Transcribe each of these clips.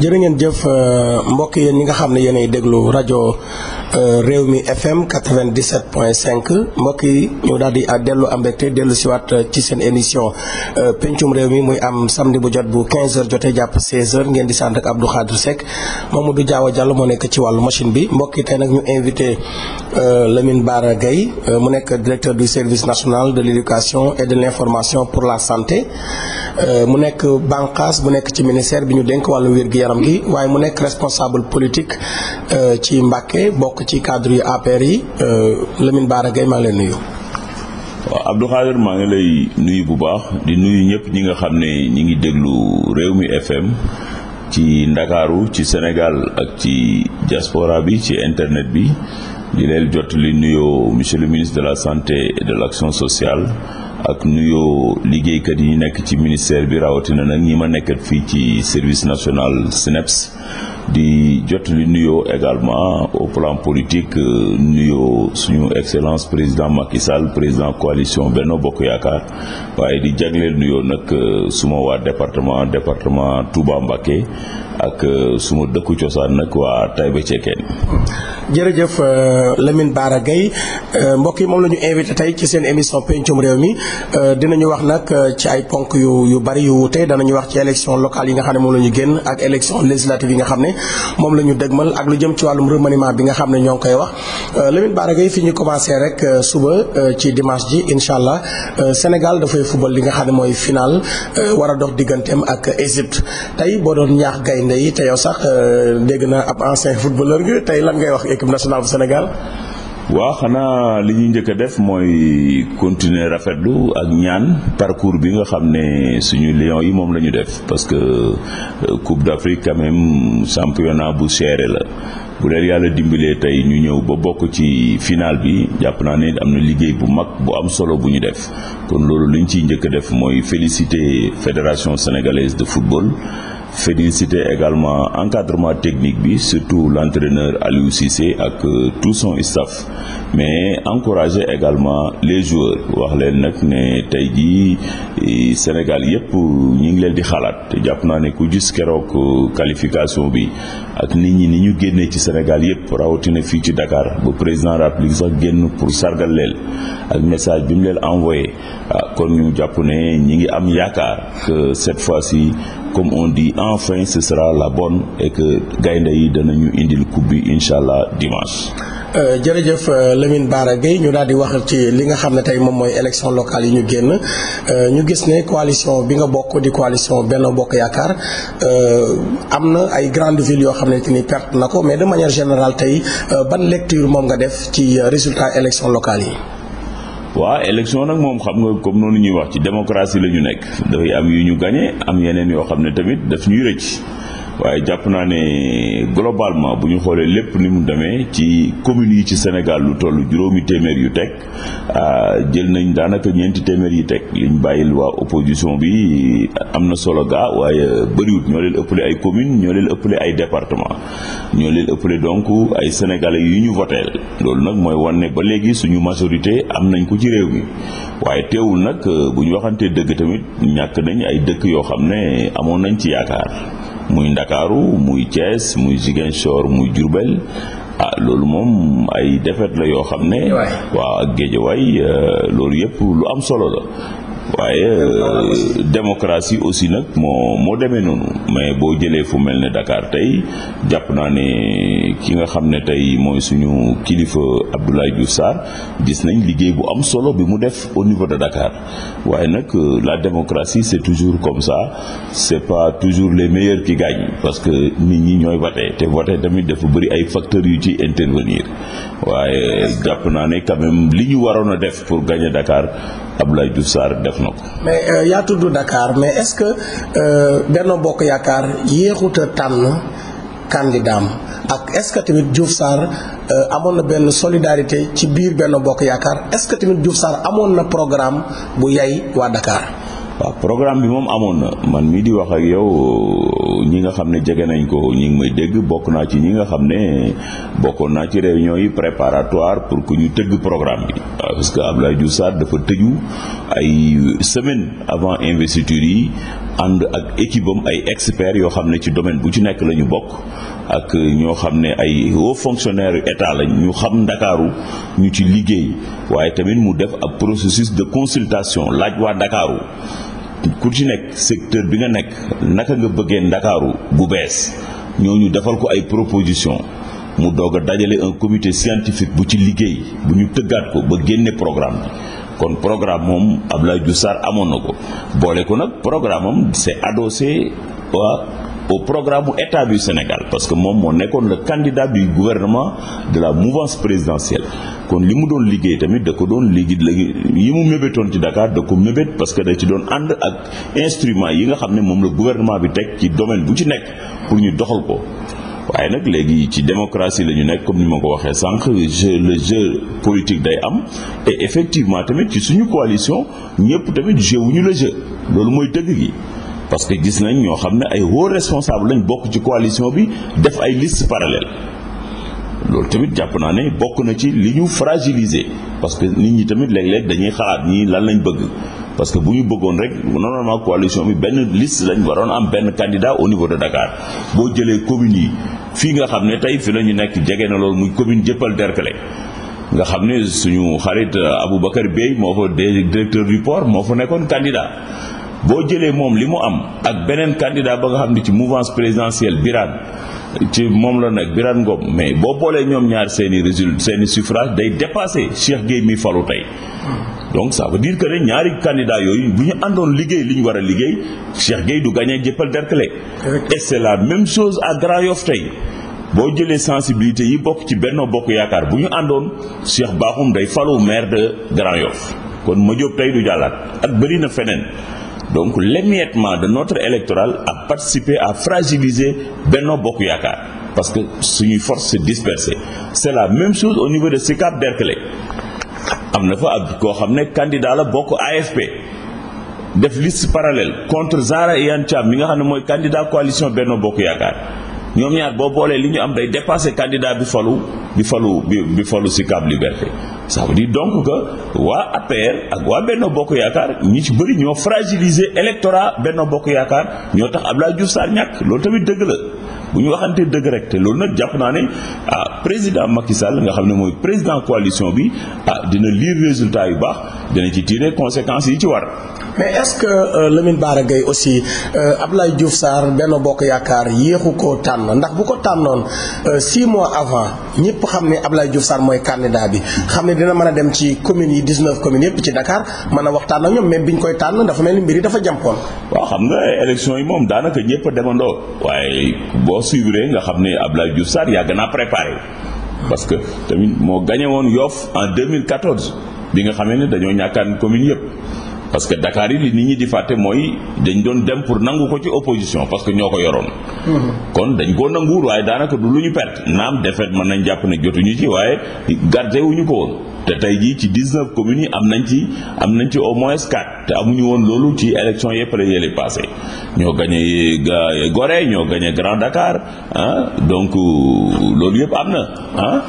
jërë ngeen jëf euh, mbokk yéen ñi nga xam ne yéenay déglu rajo réew mi FM 97.5 mbokk yi ñu daal di euh, dellu am mbégte dellu siwaat euh, ci seen émission pencum réew mi muy am samdi bu jot bu 15 heures jotee jàpp 16 heures ngeen di sant ak Abdou Khadre Seck du Diawa Diallo moo nekk ci wàllu machine bi mbokk yi tey nag ñu invité Lamine Bara Gaye mu nekk directeur du service national de l'éducation et de l'information pour la santé mu nekk bànqaas mu nekk ci ministère bi ñu denk wàllu wér gi yaram gi waaye mu nekk responsable politique euh, ci Mbàkke bokk ci cadre yu APR yi euh, Lamine Bara Gaye maa ngi nuyu. waaw Abdou Khadir maa ngi lay nuyu bu baax di nuyu ñëpp ñi nga xam ne ñi ngi déglu réew mi FM. ci ndakaaru ci Sénégal ak ci diaspora bi ci internet bi di leen jot li nuyoo monsieur le ministre de la santé et de l'action sociale ak nuyoo liggéeykat yi nekk ci ministère bi rawatina nag ñi ma nekkat fii ci service national SNEPS di jot li nuyoo également au plan politique euh, nuyoo suñu excellence président Macky Sall président coalition benn Bokk Yaakaar waaye di jagleel nuyoo nag euh, suma waa département département Touba Mbacké ak euh, suma dëkku cosaan nag waa Taïba Cekkeen jërëjëf euh, Lamine Bara Gaye euh, mbokk yi moom la ñu invité tey ci seen émission pencum réew mi dinañu wax nag ci ay ponk yu yu bari yu wuute danañu wax ci élection locale yi nga xam ne moom la ñu génn ak élection législative yi nga xam ne moom la ñu dëgmal ak lu jëm ci wàllum remaniement bi nga xam ne ñoo ngi koy wax Lamine Bara fi ñu commencé rek suba ci dimanche ji incha allah Sénégal dafay fubal li nga xam ne mooy final war a dox digganteem ak Égypte tey boo doon ñaax gay gaynde yi te yow sax euh, dégg na ab ancien footballeur nga tey lan ngay wax équipe nationale bu Sénégal. waaw xanaa li ñuy njëkk a def mooy continuer rafetlu ak ñaan parcours bi nga xam ne suñu lion yi moom la ñu def parce que euh, Coupe d'Afrique quand même championnat bu serré la. bu leen yàlla dimbilee tey ñu ñëw ba bokk ci final bi jàpp naa ne am na liggéey bu mag bu am solo bu ñu def kon loolu li ñu ciy njëkk a def mooy féliciter fédération sénégalaise de football. féliciter également encadrement technique bi surtout l'entraîneur Aliou Cissé ak euh, tout son staff mais encourager également les joueurs wax leen nag ne tey jii eh, Sénégal yépp ñu ngi leen di xalaat jàpp naa ne ku gis keroog euh, qualification bi ak nit ñi ni ñu génnee ci Sénégal yépp rawatina fii ci Dakar ba président République sax génn pour sargal leen ak message bi mu leen envoyé ah kon jàpp ne ñi ngi am yaakaar que cette fois si comme on dit enfin ce sera la bonne et gaynde yi danañu indil coupe bi incha allah dimanche. Euh, jërëjëf euh, Lamine Bara Gueye ñu daal di wax ci li nga xam ne tey moom mooy élection locale yi ñu génn euh, ñu gis ne coalition bi nga bokk di coalition Benno Bokk Yaakaar am na ay grandes villes yoo xam ne ni perte na ko mais de manière générale tey ban lecture moom nga def ci résultat élection locale yi. waaw élection nag moom xam nga comme noonu ñuy wax ci démocratie la ñu nekk dafay am yu ñu gagné am yeneen yoo xam ne tamit daf ñuy rëcc waaye jàpp naa ne globalement bu ñu xoolee lépp ni mu demee ci communes yi ci Sénégal lu toll juróomi téeméer yu teg ah, jël nañ daanaka ñeenti téeméer yi teg liñ bàyyil waa opposition bi am na solo gaa waaye bëriwut ñoo leen ëppale ay communes ñoo leen ëppale ay département ñoo leen ëppale donc ay sénégalais yu ñu voteel loolu nag mooy ne ba léegi suñu majorité am nañ ko ci réew mi waaye teewul nag bu ñu waxantee dëgg tamit ñàkk nañ ay dëkk yoo xam ne amoon nañ ci yaakaar muy Ndakaaru muy Thiès muy Ziguinchor muy Diourbel a ah, loolu moom ay défaite la yoo xam ne waaw ak Guédiawaye euh, loolu yëpp lu am solo la waaye euh, démocratie aussi nag moo moo demee noonu mais boo jëlee fu mel ne Dakar tey jàpp naa ne ki nga xam ne tey mooy suñu kilifa Abdoulaye Diouf Sarr gis nañ liggéey bu am solo bi mu def au niveau de Dakar waaye nag euh, la démocratie c'est toujours comme ça c'est pas toujours les meilleurs qui gagnent parce que nit ñi ñooy voté te voté tamit dafa bëri ay facteurs yu ci intervenir waaye jàpp naa ne quand li ñu waroon a def pour gagner Dakar Abdoulaye Diouf Sarr def na ko. mais euh, yaa tudd Dakar mais est-ce que euh, Benno Bokk Yaakaar yéexut tànn candidat ak est-ce que tamit Diouf Sarr euh, amoon na benn solidarité ci biir Benno Bokk Yaakaar est-ce que tamit Diouf Sarr amoon na programme bu yay waa Dakar. waaw programme bi moom amoon na man mii di wax ak yow ñi nga xam ne jege nañ ko ñi ngi may dégg bokk naa ci ñi nga xam ne bokkoon naa ci réunion yi préparatoire pour que ñu tëgg programme bi ah, parce que Abdoulaye Diouf saat dafa tëju ay semaine avant investiture yi ànd ak équipe am ay experts yoo xam ne ci domaine bu ci nekk lañu bokk ak ñoo xam ne ay hauts fonctionnaires yu état lañ ñu xam ndakaaru ñu ci liggéey waaye tamit mu def ab processus de consultation laaj waa ndakaaru ku ci nekk secteur bi nga nekk naka nga bëggee ndakaaru bu bees ñoo ñooñu defal ko ay proposition mu doog a dajale un comité scientifique bu ci liggéey bu ñu tëggaat ko ba génne programme bi kon programme moom Abdoulaye Diouf Sarr amoon na ko boole ko nag programme am c'est adossé waa au programme u état bi Sénégal parce que moom moo nekkoon le candidat du gouvernement de la mouvance présidentielle kon li mu doon liggéey tamit da ko doon liggéey léegi yi mu mébétoon ci Dakar da ko mébét parce que da ci doon ànd ak instrument yi nga xam ne moom la gouvernement bi teg ci domaine bu ci nekk pour ñu doxal ko waaye nag léegi ci démocratie la ñu nekk comme ni ma ko waxee sànq jeu le jeu politique day am et effectivement tamit ci suñu coalition ñëpp tamit jeu wu ñu le jeu loolu mooy dëgg gi parce que gis nañ ñoo xam ne ay hauts responsables lañ bokk ci coalition bi def ay listes parallèles loolu tamit jàpp naa ne bokk na ci li ñu fragiliser parce que nit ñi tamit léeg-léeg dañuy xalaat ñii lan lañ bëgg parce que bu ñu bëggoon rek normalement coalition bi benn liste lañ waroon am benn candidat au niveau de Dakar boo jëlee communes yi fii nga xam ne tey fi la ñu nekk jege na loolu muy commune Dieuppeul Derklé nga xam ne suñu xarit Aboubacar Beye moo fa directeur du port moo fa nekkoon candidat boo jëlee moom li mu am ak beneen candidat ba nga xam ne ci mouvance présidentielle biraan ci moom la nag Birane Ngom mais boo boolee ñoom ñaar seeni résultat seeni suffrage day dépassé Cheikh Gueye mi falu tey donc ça veut dire que ne ñaari candidat yooyu bu ñu àndoon liggéey li ñu war a liggéey Cheikh Gueye du gagné jëppal Derklé et c'est la même chose à Grand Yoff tey boo jëlee sensibilité yi bokk ci Benno Bokk Yaakaar bu ñu àndoon Cheikh Bakhoum day falu maire de Grand kon ma jóob tey du jàllaat ak bëri na feneen donc l'émiettement de notre électoral a participé à fragiliser Benno Bokk Yaakaar parce que suñuy force se dispersée c'est la même chose au niveau de Sicap Derklé am na fa ab koo xam ne candidat la bokk AFP def liste parallèle contre Zahra Iyane Thiam mi nga xam ne mooy candidat coalition Benno Bokk Yaakaar ñoom ñaar boo boolee li ñu am day dépasser candidat bi falu bi falu bi falu Sicap Liberté ça veut dire donc que waa APR ak waa Benno Bokk Yaakaar ñi ci bëri ñoo fragiliser électorat Benno Bokk Yaakaar ñoo tax ab Abdoulaye Diouf Sarr ñàkk loolu tamit dëgg la bu ñu waxantee dëgg rek te loolu nag jàpp naa ne ah président Macky Sall nga xam ne mooy président coalition bi ah dina liir résultat yu baax dina ci tirer conséquences yi ci war. mais est-ce que euh, Lamine Bara Gaye aussi euh, Abdoulaye Diouf Sarr Benno Bokk Yaakaar yéexu ko tànn ndax bu ko tànnoon euh, six mois avant ñëpp xam ne Abdoulaye Diouf Sarr mooy candidat bi xam ne dina mën a dem ci communes yi 19 communes yëpp ci dakaar mën a waxtaan ak ñoom même bi ñu koy tànn dafa mel ni mbir yi dafa jàmpoon. waaw xam nga élection yi moom daanaka ñëpp demandoo waaye boo suivre nga xam ne Abdoulaye Diouf Sarr yàgg naa préparé parce que tamit moo gagné woon Yoff en 2014 bi nga xamee ne dañoo ñàkkaan commune yëpp. parce que Dakar yi li nit ñi di fàtte mooy dañ doon dem pour nangu ko ci opposition parce que ñoo ko yoroon. Mm-hmm. kon dañ koo nanguwul waaye daanaka du lu ñu perte naam defet mën nañ jàpp ne jotuñu ci waaye gardé wuñu ko woon. te tey jii ci 19 communes yi am nañ ci am nañ ci au moins 4 te amuñu woon loolu ci élection yëpp la yële passé ñoo gagné Gorée ñoo gagné Grand Dakar ah, donc loolu yëpp am na ah.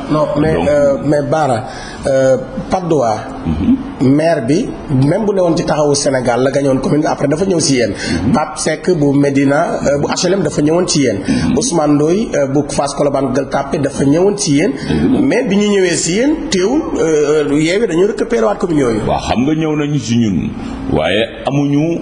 Euh, mais Bara euh, maire bi même bu newoon ci taxawu Sénégal la gañoon commune bi après dafa ñëw si yéen mm-hmm. Pape Seck bu Medina euh, bu HLM dafa ñëwoon ci yéen mm-hmm. Ousmane Ndoye euh, bu Fass Colobane Gueule Tapée dafa ñëwoon ci yéen mm-hmm. mais bi ñu ñëwee si yéen teewul euh, yeewi dañu récupéré waat commune yooyu waaw xam nga ñëw nañu si ñun waaye amuñu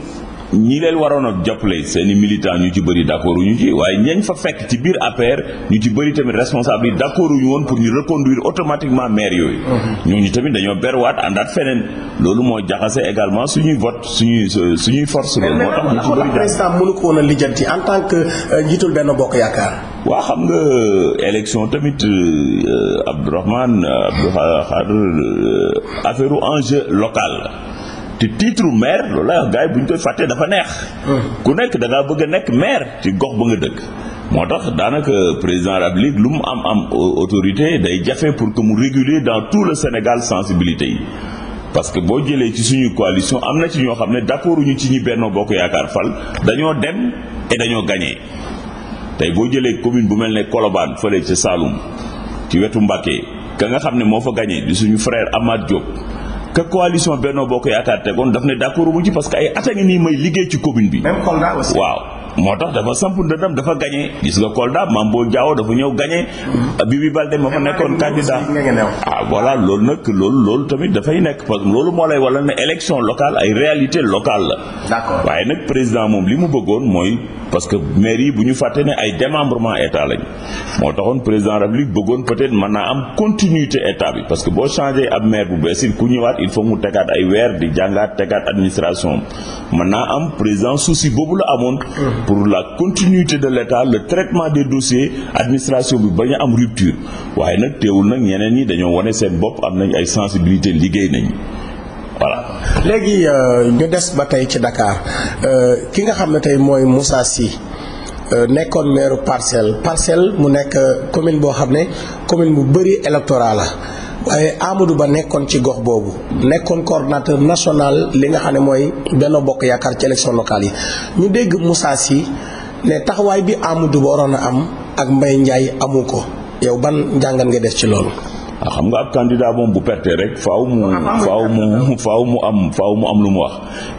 ñii leen waroon a jàppale seen i militant ñu ci bëri d' accord ñu ci waaye ñañ fa fekk ci biir APR ñu ci bëri tamit responsable yi d' ñu woon pour ñu reconduire automatiquement maire yooyu. Mhm. ñooñu tamit dañoo berwaat àndaat feneen loolu moo jaxase également suñuy vote suñuy suñuy force loolu moo tax ñu ci bëri. président mënu ko woon a lijjanti en tant que euh, njiitul benn bokk yaakaar. waa xam nga euh, élection tamit euh, Abdourahmane Abdou Khadre affaire enjeu local. te titre maire loolu laa wax gars yi bu ñu koy fàttee dafa neex. Hmm. ku nekk dangaa ngaa bëgg a nekk maire ci gox ba nga dëkk. moo tax daanaka président de la lu mu am am autorité day jafe pour que mu réguler dans tout le Sénégal sensibilité yi. parce que boo jëlee ci suñu coalition am na ci ñoo xam ne d'accorduñu ci ñi Benno Bokk Yaakaar fal dañoo dem et dañoo gagné tey boo jëlee commune bu mel ne Colobane fële ca saalum ci wetu Mbacké ka nga xam ne moo fa gagné di suñu frère Amath Diop. que coalition Benno Bokk Yaakaar tegoon daf ne d'accord mu ci parce que ay at a ngi may liggéey ci commune bi. waaw. moo tax dafa samp ndëndam dafa gagné gis nga Kolda Mambo Diaw dafa ñëw gagné Bibi Balde ma fa nekkoon candidat ah loolu nag loolu loolu tamit dafay nekk parce que loolu moo lay wala ne élection locale ay réalité locale la. d'accord waaye nag président moom li mu bëggoon mooy parce que maire yi bu ñu fàttee ne ay démembrement état lañ moo taxoon président république bëggoon peut-être mën naa am continuité état bi parce que boo changé am maire bu bees it ku ñëwaat il faut mu tegaat ay weer di jàngaat tegaat administration mën naa am président souci boobu la amoon. Hmm. pour la continuité de l'État le traitement des dossiers administration bi ba ñu am rupture waaye nag teewul nag ñeneen ñi dañoo wane seen bopp am nañu ay sensibilité liggéey nañ voilà. léegi euh, ñu des ba tey ci Dakar euh, ki nga xam ne tey mooy Moussa si euh, nekkoon maire parcelle parcelle mu nekk commune boo xam ne commune bu bëri électorat la. waaye Amadou Ba nekkoon ci gox boobu nekkoon coordonnateur national li nga xam ne mooy benn Bokk Yaakaar ci élection locale yi ñu dégg Moussa Sy ne taxawaay bi Amadou Ba waroon a am ak mbay Ndiaye amu ko yow ban jàngat nga def ci loolu. waaw ah, xam nga ab candidat moom bu perte rek faaw mu faaw mu mu am faaw mu am lu mu wax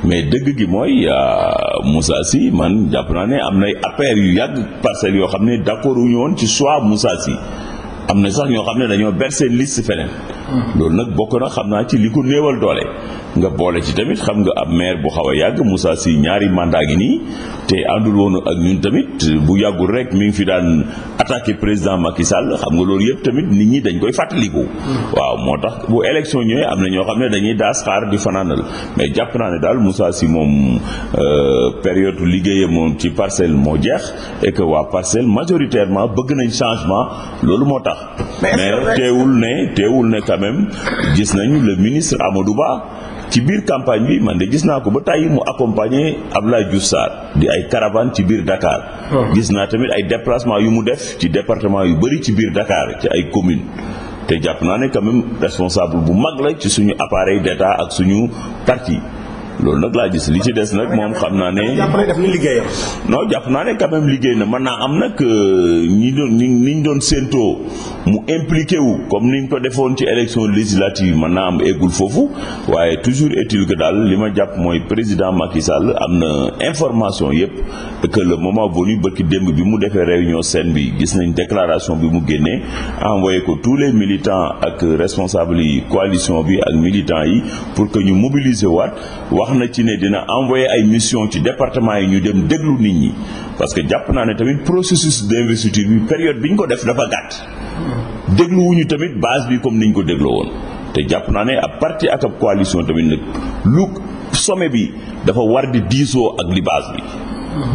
mais dëgg gi mooy ah, Moussa Sy man jàpp naa ne am nay affaire yu yàgg parcelles yoo xam ne d'accord wuñu woon ci choix Moussa Sy am na sax ñoo xam ne dañoo ber seen liste feneen. loolu nag bokk na xam naa ci li ko néewal doole. nga boole ci tamit xam nga am maire bu xaw a yàgg Moussa si ñaari mandat ngi nii te àndul woon ak ñun tamit bu yàggul rek mi ngi fi daan attaqué président Macky Sall xam nga loolu yëpp tamit nit ñi dañ koy fàttaliku. waaw moo tax bu élection ñëwee am na ñoo xam ne dañuy daas xaar di fanaanal mais jàpp ne daal Moussa Sy moom euh, période liggéeyam moom ci parcelle moo jeex et que waa parcelle majoritairement bëgg nañ changement loolu moo tax. mais teewul ne teewul ne quand même gis nañu le ministre Amadou Ba ci biir campagne bi man de gis naa ko ba tàyyi mu accompagner Abdoulaye Diouf Sarr di ay caravane ci biir dakaar oh. gis naa tamit ay déplacement yu mu def ci département yu bëri ci biir dakaar ci ay communes. te jàpp naa ne quand même responsable bu mag la ci suñu appareil d'État ak suñu yi loolu nag laa gis li ci des nag moom xam naa ne. jàpp na def na liggéeyam. non jàpp naa ne quand liggéey na mën naa am nag euh, ñi doon ni ñu doon séentoo mu impliqué wu comme ni ko defoon ci élection législative mën naa am eggul foofu waaye toujours est-il daal li ma jàpp mooy président Macky Sall am na information yëpp que le moment venu bërki démb bi mu defee réunion seen bi gis nañ déclaration bi mu génnee envoyé ko tous les militants ak responsables yi coalition bi ak militants yi pour que ñu mobiliser waat wax na ci ne dina envoyé ay mission ci département yi ñu dem déglu nit ñi parce que jàpp naa ne tamit processus d'investiture bi période bi ñu ko def dafa gàtt dégluwuñu tamit base bi comme niñ ko dégloo woon te jàpp naa ne ab parti ak ab coalition tamit nag lu sommet bi dafa war di diisoo ak li bi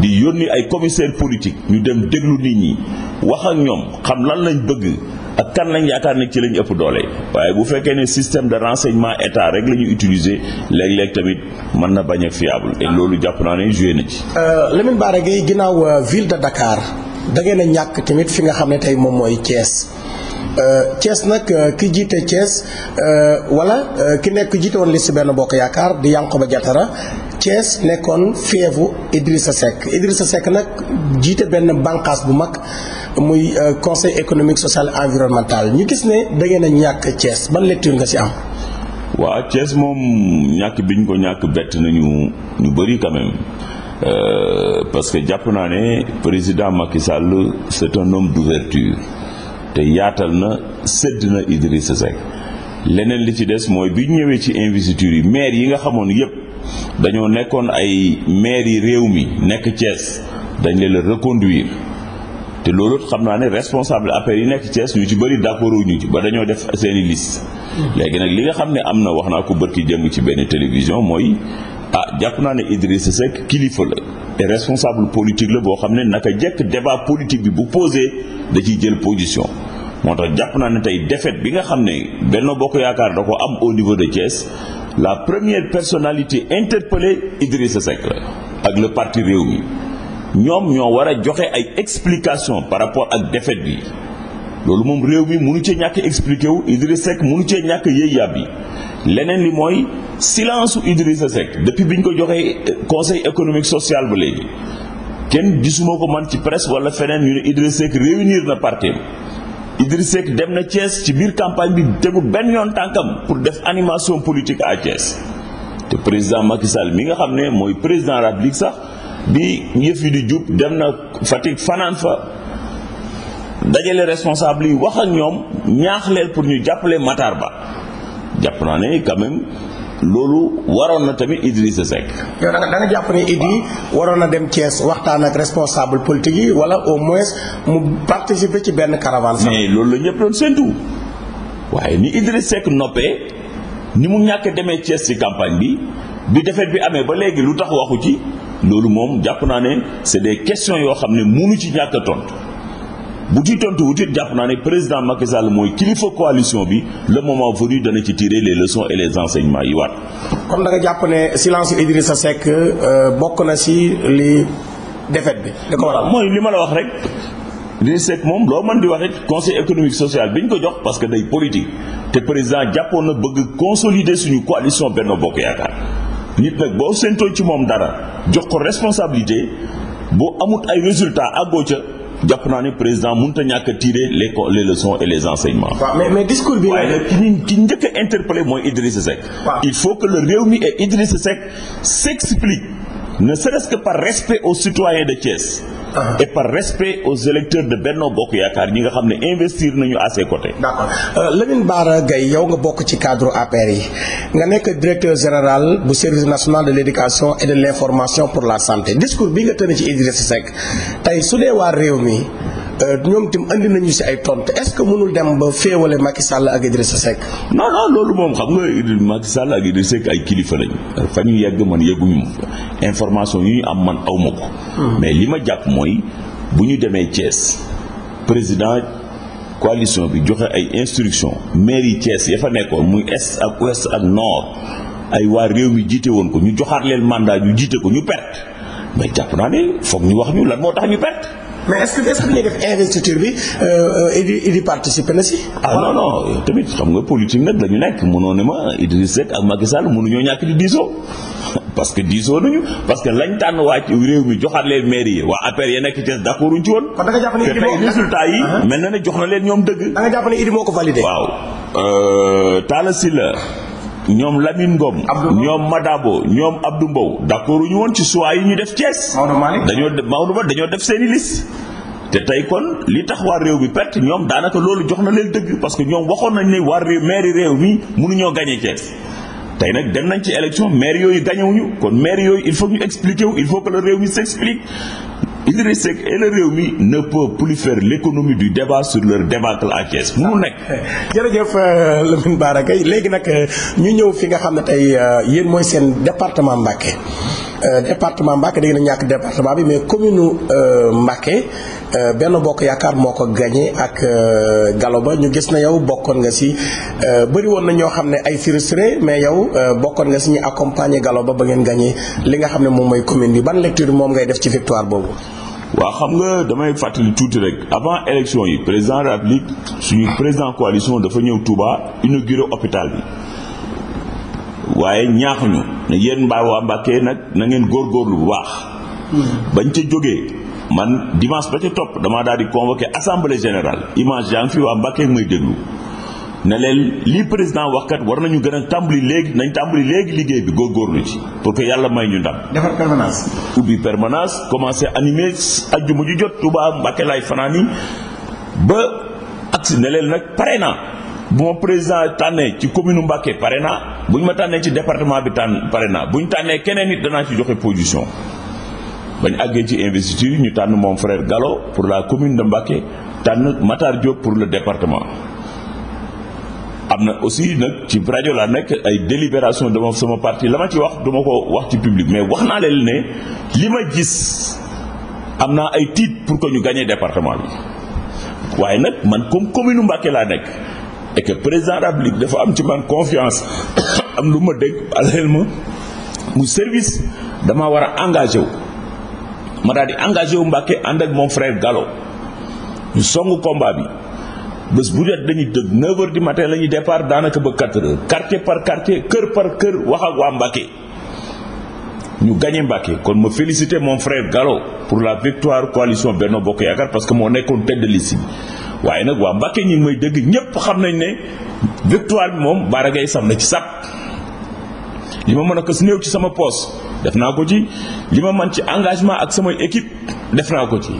di yónni ay commissaire politique ñu dem déglu nit ñi wax ak ñoom xam lan lañ bëgg ak kan lañ yaakaar ne ci lañ ëpp doole waaye bu fekkee ne système de renseignement état rek la ñu utiliser léeg-léeg tamit mën na bañ a loolu jàpp naa ne joué na ci. Euh, Lamine Bara Gaye ginnaaw euh, ville de Dakar da ngeen ñàkk tamit fi nga xam ne tey moom mooy Thiès. Euh, Thiès nag euh, ki jiite Thiès euh, walla ki nekk jiite woon liste benn bokk yaakaar di ba jatara Thiès nekkoon feevu Idrissa Seck sa Seck nag jiite benn banqaas bu mag muy conseil économique social et environnemental ñu gis ne da ngeen a ñàkk Thiès ban lecture nga ci am. waaw Thiès moom ñàkk bi ñu ko ñàkk bett nañu ñu bëri quand même que jàpp naa ne président Macky Sall c'est un homme d'ouverture te yaatal na sëdd na Idrissa Seck leneen li ci des mooy bi ñëwee ci investiture yi maire yi nga xamoon yépp dañoo nekkoon ay maire yi réew mi nekk Thiès dañ leen a reconduire te loolu xam naa ne responsable affaire yi nekk Thiès ñu ci bëri d'accord ñu ci ba dañoo def seeni liste hmm. léegi nag li nga xam ne am na wax naa ko bët bërki jëm ci benn télévision mooy ah jàpp naa ne Idrissa Seck kilifa la et responsable politique la boo xam ne naka jekk débat politique bi bu posé da ciy jël position moo tax jàpp naa ne tey défaite bi nga xam ne Benno Bokk Yaakaar da ko am au niveau de Thiès la première personnalité interpellée Idrissa Seck la ak le parti Rewmi ñoom ñoo war a joxe ay explications par rapport ak défaite bi loolu moom réew mi munu ci ñàkk expliqué wu Idrissa Seck munu cee ñàkk yëy yàbbi leneen li mooy silence u Idrissa Seck depuis bi ñu ko joxee eh, conseil économique social ba léegi kenn gisuma ko man ci presse wala feneen ñu ne Idrissa Seck réunir na parti Idrissa Seck dem na Thiès ci biir campagne bi tegul benn yoon tànkam pour def animation politique à Thiès te président Macky mi nga xam ne mooy président République sax bi yëf yi di jub dem na Fatick fanaan fa dajale responsable yi wax ak ñoom ñaax leen pour ñu jàppale Matar Ba jàpp naa ne quand même loolu waroon na tamit Idrissa Seck. yow da nga jàpp ne Idri waroon na dem Thiès waxtaan ak responsable politique yi wala au moins mu participer ci benn caravane. mais loolu la ñëpp doon séntu waaye ni Idrissa Seck noppee ni mu ñàkk demee Thiès ci campagne bi bi defet bi amee ba léegi lu tax waxu ci loolu moom jàpp naa ne c'est des questions yoo xam ne munu ci ñàkk a tontu. bu ci tontu wutit jàpp naa ne président Macky mooy kilifa coalition bi le moment venu dana ci tirer les leçons et les enseignements yi waat. kon da jàpp ne silence Idrissa Seck euh, bokk na si li défaite bi. da ko waral mooy li ma la wax rek. Idrissa Seck moom loo man di wax it conseil économique social bi ñu ko jox parce que day politique te président jàppoon na bëgg consolider suñu coalition Benno Bokk Yaakaar nit nag boo séentoo ci moom dara jox ko responsabilité boo amut ay résultats àggoo ca. jàpp naa ne président mënut a ñàkk a tirer les les leçons et les enseignements. waaw mais mais discours bi. waaye nag ki njëkk a interpellé mooy Idrissa Seck. il faut que le Rewmi et Idrissa Seck s'expliquent ne serait-ce que par respect aux citoyens de Thiès. et par respect aux électeurs de Benno Bokk Yaakaar ñi nga xam ne investir nañu à ses côtés. d'accord euh, Lamine Bara yow nga bokk ci cadre APR yi nga nekk directeur général bu service national de l'éducation et de l'information pour la santé discours bi nga tënee ci si Seck tey su dee waa réew mi. Euh, ñoom tim andi nañu si ay tontu est-ce que mënul dem ba féewale Macky sàll ak Idrissa Seck. non non loolu moom xam nga Macky sàll ak Idrissa Seck ay kilifa lañu fa ñu yegg man yegguñu ma information yu ñu am man aw ma ko. Hmm. mais li ma jàpp mooy bu ñu demee Thiès président coalition bi joxe ay instruction mairie Thiès ya fa nekkoon muy est ak ouest ak nord ay waa réew mi jiite woon ko ñu joxaat leen mandat ñu jiite ko ñu perte mais jàpp naa ne foog ñu wax ñu lan moo tax ñu mais est-ce que est-ce bi ñuy def investiture bi Idi euh, Idi participer na si. ah non non tamit xam nga politique nag la ñu nekk mënoo ne ma Idrissa Seck ak Macky Sall mënuñoo ñàkk di diisoo parce que diisoo nañu parce que lañ tànn waa réew mi joxaat leen mairie yi waa APR ya nekk ci d'accord uñ ci woon. kon da nga yi. Uh-huh. mel na ne jox na leen ñoom dëgg. da nga jàpp ne Idi moo ko ñoom Lamine Ngom. ñoom Madabo ñoom Abdou Mbow d'accord ñu woon ci choix yi ñu def Thiès. Maodo dañoo Maodo ba dañoo def seen i te tey kon li tax waar réew mi perte ñoom daanaka loolu jox na leen dëgg parce que ñoom waxoon nañ ne waar réew maire réew mi mënuñoo gagné Thiès tey nag dem nañ ci élection maire yooyu gagné kon maire yooyu il faut ñu expliquer wu il faut que le réew mi s'explique Idriss Seck et le réew mi ne peut plus faire l'économie du débat sur leur débâcle à Thiès munu ah, nekk. jërëjëf euh, Lamine Bara Gaye léegi nag euh, ñu ñëw fi nga xam ne tey euh, yéen mooy seen département Mbacké. Euh, département Mbacké dégg na ñàkk département bi mais commune euh, Mbacké euh, benn bokk yaakaar moo ko gagné ak ba ñu gis na yow bokkoon nga si bëri woon na ñoo xam ne ay frustré mais yow bokkoon nga si ñu accompagner Galoba ba ba ngeen gagné li nga xam ne moom mooy commune bi ban lecture moom ngay def ci victoire boobu. waaw xam nga damay fàttali tuuti rek avant élection yi président de la suñu président coalition dafa ñëw Touba inauguré hôpital bi. waaye ñaaxuñu ne yéen mbaa waa Mbàkke nag na ngeen góorgóorlu bu waax bañ ca jógee man dimanche ba ca topp damaa daal di convoqué assemblée générale image yaa ngi fi waa Mbàkke mooy déglu ne leen lii président wax kat war nañu gën a tàmbali léegi nañ tàmbali léegi liggéey bi góor góorgóorlu ci pour que yàlla may ñu ndam. defar permanence. ubbi permanence commencé animé ajjuma ju jot tubaab Mbàkke laay fanaani ba agsi ne leen nag pare naa. bu ma président tànnee ci commune Mbacké pare naa bu ñu ma tànnee ci département bi tànn pare naa bu ñu tànnee keneen it danaa ci joxe position bañ àggee ci investiture ñu tànn moom frère Gallo pour la commune de Mbacké tànn Matar Diop pour le département am na aussi nag ci rajo laa nekk ay délibération dama sama parti la ma ci wax duma ko wax ci public mais wax naa leen ne li ma gis am naa ay tiit pour que ñu gagné département bi waaye nag man comme commune Mbacké laa nekk et que président de la dafa am ci man confiance am lu ma dégg alal ma mu service dama war a engagé wu ma daal di engagé wu Mbàkke ànd ak mon frère Gallo ñu song combat bi bés bu jot dañuy dëgg 9 heures du matin la ñuy départ daanaka ba 4 heures par quartier kër par kër wax ak waa Mbàkke ñu gagné Mbàkke kon ma félicité mon frère galo pour la victoire coalition Benno Bokk Yaakaar parce que moo nekkoon tête de liste bi waaye nag waa Mbàkke ñi may dëgg ñépp xam nañ ne victoire bi moom Bara Gaye na ci sat li ma mën a kës néew ci sama poos def naa ko ci li ma man ci engagement ak sama équipe def naa ko ci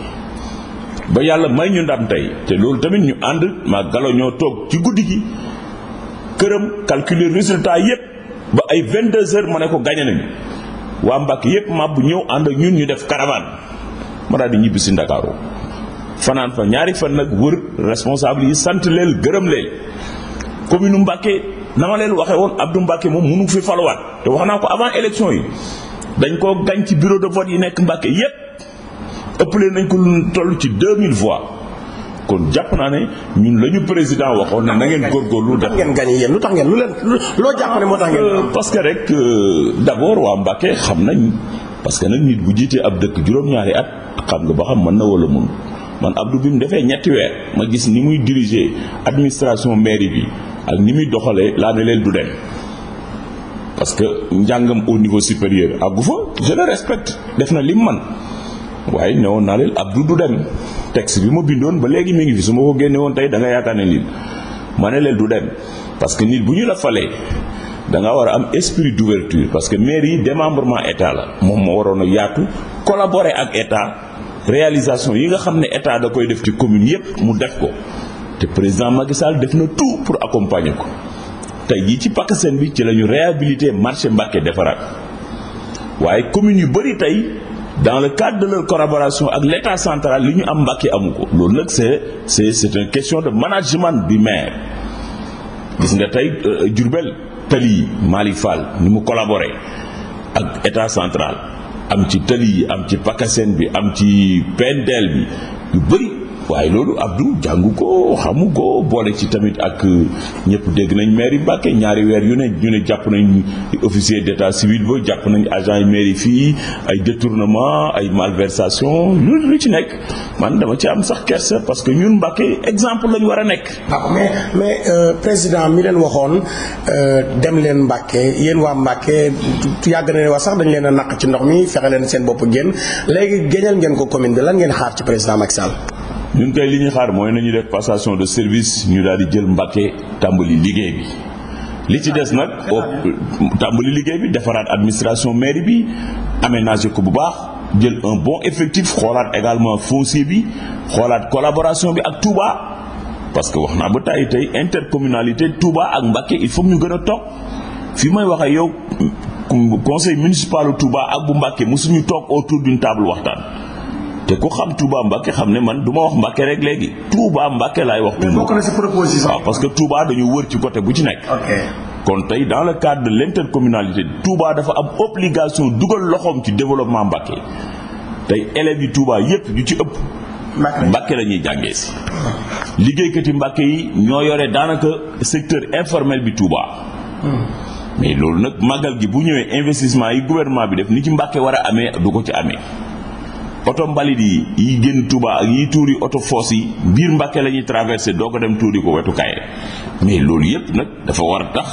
ba yàlla may ñu ndam tey te loolu tamit ñu ànd maa galo ñoo toog ci guddi gi këram calculer résultat yépp ba ay 22 heures ma ne ko gañe nañu waa Mbàkke yépp màbb ñëw ànd ak ñun ñu def caravane ma daal di ñibbi si Ndakaaru fanaan fa ñaari fan nag wër responsable yi sant leen gërëm leen commune Mbacké na ma leen waxee woon Abdou Mbacké moom mënu fi faluwaat te wax naa ko avant élection yi dañ koo gañ ci bureau de vote yi nekk Mbacké yépp leen nañ ko lu toll ci 2000 voix kon jàpp naa ne ñun la ñu président waxoon na na ngeen góorgóorlu. def ngeen gañ yéen lu tax ngeen lu leen loo jàpp ne moo tax euh, parce que rek euh, d'abord waa Mbacké xam nañ parce que nag nit bu jiitee ab dëkk juróom-ñaari at xam nga ba xam mën na wala mënul. man Abdou bi mu defee ñetti weer ma gis ni muy diriger administration mairie bi ak ni muy doxalee laa ne leen du dem parce que njàngam au niveau supérieur àggu fa je respecte def na lim man waaye newoon naa leen Abdou du dem texte bi ma bindoon ba léegi mi ngi fi su ma ko génne woon tey danga nga yaakaar ne nit ma ne leen du dem parce que nit bu ñu la falee da nga war a am esprit d'ouverture parce que mairie yi démembrement état la moom moo waroon a yaatu collaborer ak état. réalisation yi nga xam ne état da koy def ci commune yépp mu def ko te président Macky Sall def na tout pour accompagner ko tey jii ci Pakistan bi ci la ñu réhabilité marché Mbacké defaraat waaye communes yu bëri tey dans le cadre de leur collaboration ak l'état central li ñu am Mbacké amu ko loolu nag c'est c'est c'est une question de management du maire gis nga tey euh, Diourbel tali Malick Fall ni mu collaboré ak état central am ci tëli yi am ci pakaseen bi am ci pendeel bi yu bëri waaye loolu Abdou jàngu ko xamu ko boole ci tamit ak euh, ñëpp dégg nañ mairie Mbàkke ñaari weer yu ne ñu ne jàpp nañ officier d'état civil ba jàpp nañ agent yu mairie fii ay détournement ay malversation lu ci nekk man dama ci am sax kersa parce que ñun Mbàkke exemple lañu war a nekk. waaw ah, mais mais euh, président mi leen waxoon euh, dem leen Mbàkke yéen waa Mbàkke yàgg na ne wax sax dañ leen a naq ci ndox mi fexe leen seen bopp génn léegi génneel ngeen ko commune bi ngeen xaar ci président Macky Sall. ñun kay li ñuy xaar mooy nañu def passation de service ñu daal di jël Mbacké tàmbali liggéey bi li ci des nag tàmbali liggéey bi defaraat administration mairie bi aménager ko bu baax jël un bon effectif xoolaat également foncier bi xoolaat collaboration bi ak Touba parce que wax naa ba tàyyi tey intercommunalité Touba ak Mbacké il foog ñu gën a toog fi may wax ak yow conseil municipal Touba ak bu Mbacké mosuñu toog autour d'une table waxtaan te ku xam Touba Mbacke xam ne man du ma wax Mbacke rek léegi Touba Mbacke laay wax. mais bokk na si proposition waaw ah, parce que Touba dañu wër ci côté bu ci nekk. kon tey dans le cadre de l'intercommunalité Touba dafa ab obligation dugal loxoom ci développement Mbacke tey élèves yi Touba yépp ñu ci ëpp. Mbacke la ñuy jàngee si. Hmm. liggéeykat yi Mbacke yi ñoo yore daanaka secteur informel bi Touba. Hmm. mais loolu nag màggal gi bu ñëwee investissement yi gouvernement bi def ni ci Mbacke war a amee du ci amee. oto mbalit yi yi génn tubaa ak yi tuuri oto foos yi biir Mbàkke la ñuy traversé doo ko dem tuuri ko wetukaay Kaye mais loolu yépp nag dafa war a tax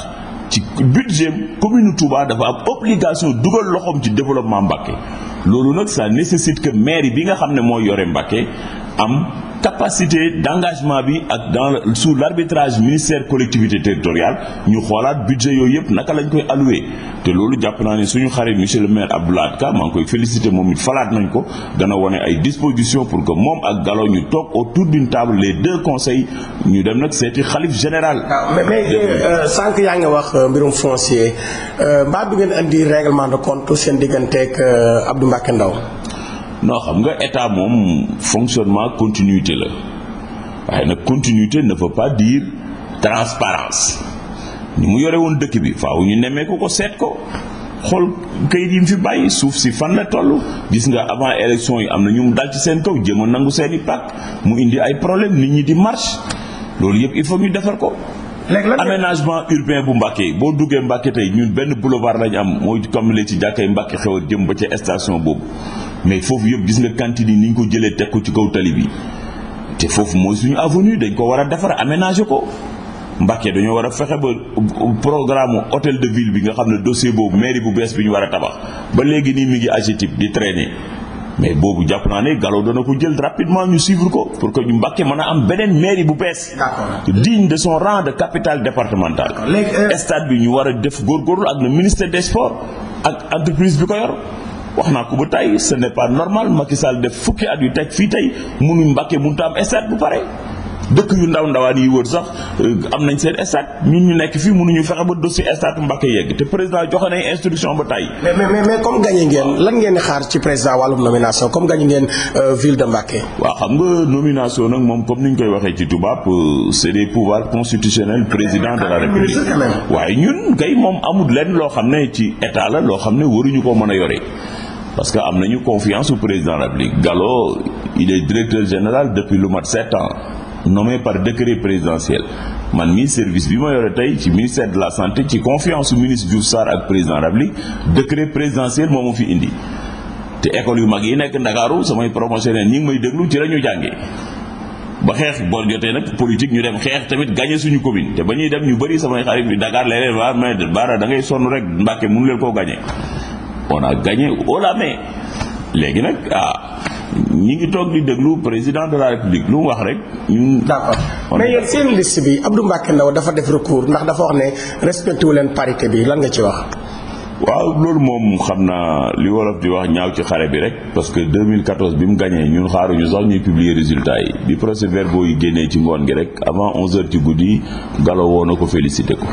ci budget commune Touba dafa am obligation dugal loxoom ci développement Mbàkke loolu nag ça nécessite que maire bi nga xam ne moo yore Mbàkke am capacité d'engagement bi ak dans sous l'arbitrage ministère collectivité territoriale ñu xoolaat budget yooyu yëpp naka lañ koy allouer te loolu jàpp naa ne suñu xarit monsieur le maire Abdoulaye Ka koy féliciter moom it falaat nañ ko dana wane ay dispositions pour que moom ak Gallo ñu toog autour d'une table les deux conseils ñu dem nag seeti xalif général. Ah, mais mais euh, sànq yaa ngi wax euh, mbirum foncier euh, mbaa bi ngeen indi règlement de compte seen digganteeg Abdou Mbacké Ndao noo xam nga état moom fonctionnement continuité la waaye nag continuité ne veut pas dire transparence ñu mu yore woon dëkk bi faaw ñu nemmee ko ko seet ko xool kayit yi mu fi bàyyi suuf si fan la toll gis nga avant élection yi am na ñu mu dal ci seen kaw jéem a nangu seeni pàkk mu indi ay problème nit ñi di marche loolu yëpp il faut ñu defar ko aménagement urbain bu Mbàkke boo duggee Mbàkke tey ñu benn boulevard lañu am mooy comme lee ci jàkkay Mbàkke xew a jëm ba ca boobu mais foofu yëpp gis nga cantine yi ni ñu ko jëlee teg ko ci kaw tali bi te foofu mooy suñu avenue dañ ko war a defar aménager ko Mbàkke dañoo war a fexe ba programme hôtel de ville bi nga xam ne dossier boobu mairie bu bees bi ñu war a tabax ba léegi nii mi ngi AGETIP di traîner mais boobu jàpp naa ne Gallo dana ko jël rapidement ñu suivre ko pour que ñu Mbàkke mën a am beneen mairie bu bees. digne de son rang de capitale départementale. Euh, stade bi ñu war a def góorgóorlu ak le ministère des sports ak entreprise bi ko wax naa ko ba tey ce n'est pas normal Macky Sall def fukki at yu teg fii tey munuñ Mbàkke mënut a am stade bu pare dëkk yu ndaw ndawaan yi wër sax am nañ seen stade ñu ñu nekk fii mënuñu fexe ba dossier stade Mbàkke yegg te président joxe nañ instruction ba tey. mais mais mais comme gagné ngeen lan ngeen di xaar ci président wàllum nomination comme gagné ngeen ville de Mbàkke. waaw xam nga nomination nag moom comme ni ñu koy waxee ci tubaab c'est des pouvoirs constitutionnels président de la république. waaye ñun kay moom amul lenn loo xam ne ci état la loo xam ne waruñu ko mën a yore. parce que am nañu confiance au président de la République Gallo il e directeur général depuis lu mat sept ans par décret présidentiel man mii service bi ma yore tey ci ministère de la santé ci confiance su ministre Diouf Sarr ak président de la République décret présidentiel moo ma fi indi te école yu mag yi nekk Ndakaaru samay promotionnaire ñi ngi may déglu ci la ñu jàngee ba xeex bor jotee nag politique ñu dem xeex tamit gagné suñu commune te ba ñuy dem ñu bëri samay xarit bi Dakar léeg da ngay sonn rek Mbàkke mënu leen koo gagné. on a gagné haut la léegi nag ah ñi ngi toog di déglu président de la république lu mu wax rek ñun. d'accord mais yéen seen liste bi Abdou Mbacké Ndao dafa def recours ndax dafa wax ne respecté wu leen parité bi lan nga ci wax. waaw loolu moom xam naa li wolof di wax ñaaw ci xare bi rek parce que 2014 bi mu gañee ñun xaaruñu sax ñuy publier résultat yi bi procès verbaux yi génnee ci ngoon gi rek avant 11h ci guddi Gallo woo na ko félicité ko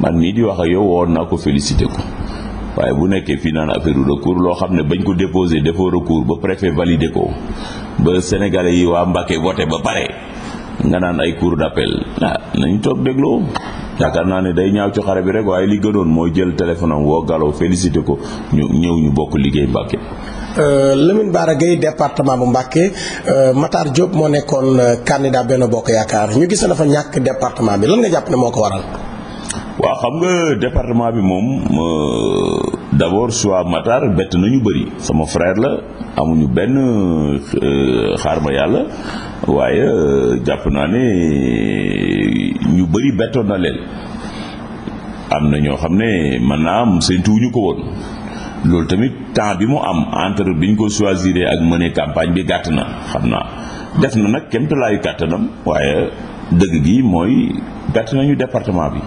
man mii di wax ak yow woon naa ko félicité ko. waaye bu nekkee fii naan affaire recours loo xam ne bañ ko déposé defoo recours ba préfet validé ko ba sénégalais yi waa Mbacké voté ba pare nga naan ay cour d'appel ah nañ toog dégloo yaakaar naa ne day ñaaw ci xare bi rek waaye li gënoon moo jël téléphone am woo Gallo félicité ko ñu ñëw ñu bokk liggéey Mbacké euh, Lamine Bara Gaye département bu Mbacké euh, Matar Diop moo nekkoon euh, candidat Benno Bokk Yaakaar ñu gis na dafa ñàkk département bi lan nga jàpp ne moo ko waral waaw xam nga département bi moom euh, d'abord soit Matar bett nañu bëri sama frère la amuñu benn euh, xaar ma yàlla waaye euh, jàpp naa ne ñu bëri bettoon na leen am na ñoo xam ne mën naa am séntuwuñu ko woon loolu tamit temps bi mu am entre bi ñu ko choisir ak mëne campagne bi gàtt na xam naa def na nag kémtalaayu kàttanam waaye dëgg gi mooy gàtt nañu département bi